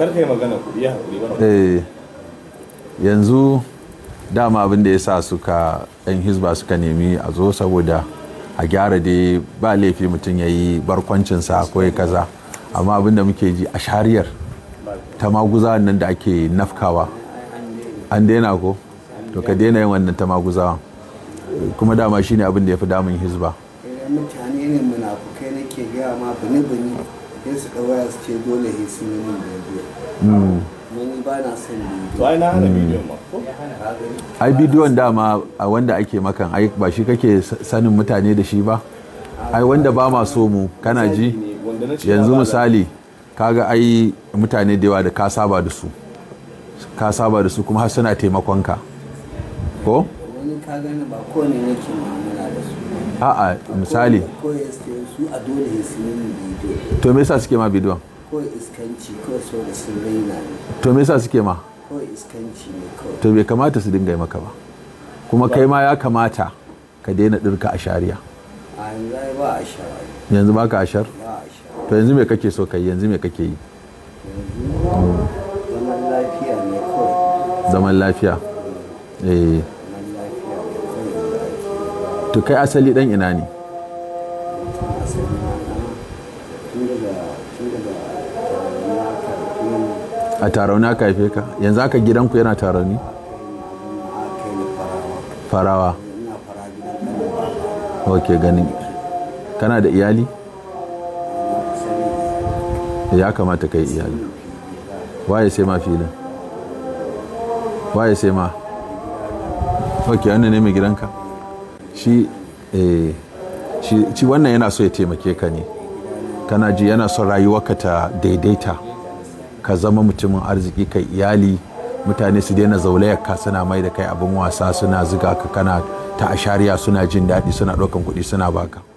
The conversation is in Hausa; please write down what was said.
karfe eh, yanzu dama abin da ya sa suka yan hizba suka nemi a zo saboda a gyara dai ba laifi mutum ya yi barkwancinsa ko ya kaza amma abin da muke ji a shariyar ta maguza nan da ake nafkawa an daina ko to ka daina yin wannan ta maguza kuma dama shine abin da ya fi damun hisba. Eh, ce dole ya sun mun hmm. ba na son bidiyo to ai na hana hmm. bidiyo ma ai bidiyon dama a wanda ake makan ai ba shi kake sanin mutane da shi ba ai wanda ba ma so mu kana ji yanzu misali kaga ai mutane da yawa da ka saba da su ka saba da su kuma har suna taimakonka ko wani ba a'a misali to me yasa suke ma bidiyon to me yasa suke ma to bai kamata su dinga maka ba kuma kai ma ya kamata ka daina dirka a shari'a yanzu ba ashar to yanzu me kake so kai yanzu me kake yi zaman lafiya ne zaman lafiya eh to kai asali dan ina ne a tarauni aka haife ka yanzu aka gidanku yana tarauni farawa ok ganin kana da iyali ya kamata kai iyali waye sai ma filin waye sai ma ok wannan ne mai gidanka shi eh shi wannan yana so ya taimake ka ne kana ji yana son rayuwarka ta daidaita ka zama mutumin arziki kai iyali mutane su daina zaulayar ka suna mai da kai abin wasa suna zuga ka kana ta ashariya suna jin daɗi suna ɗaukan kuɗi suna baka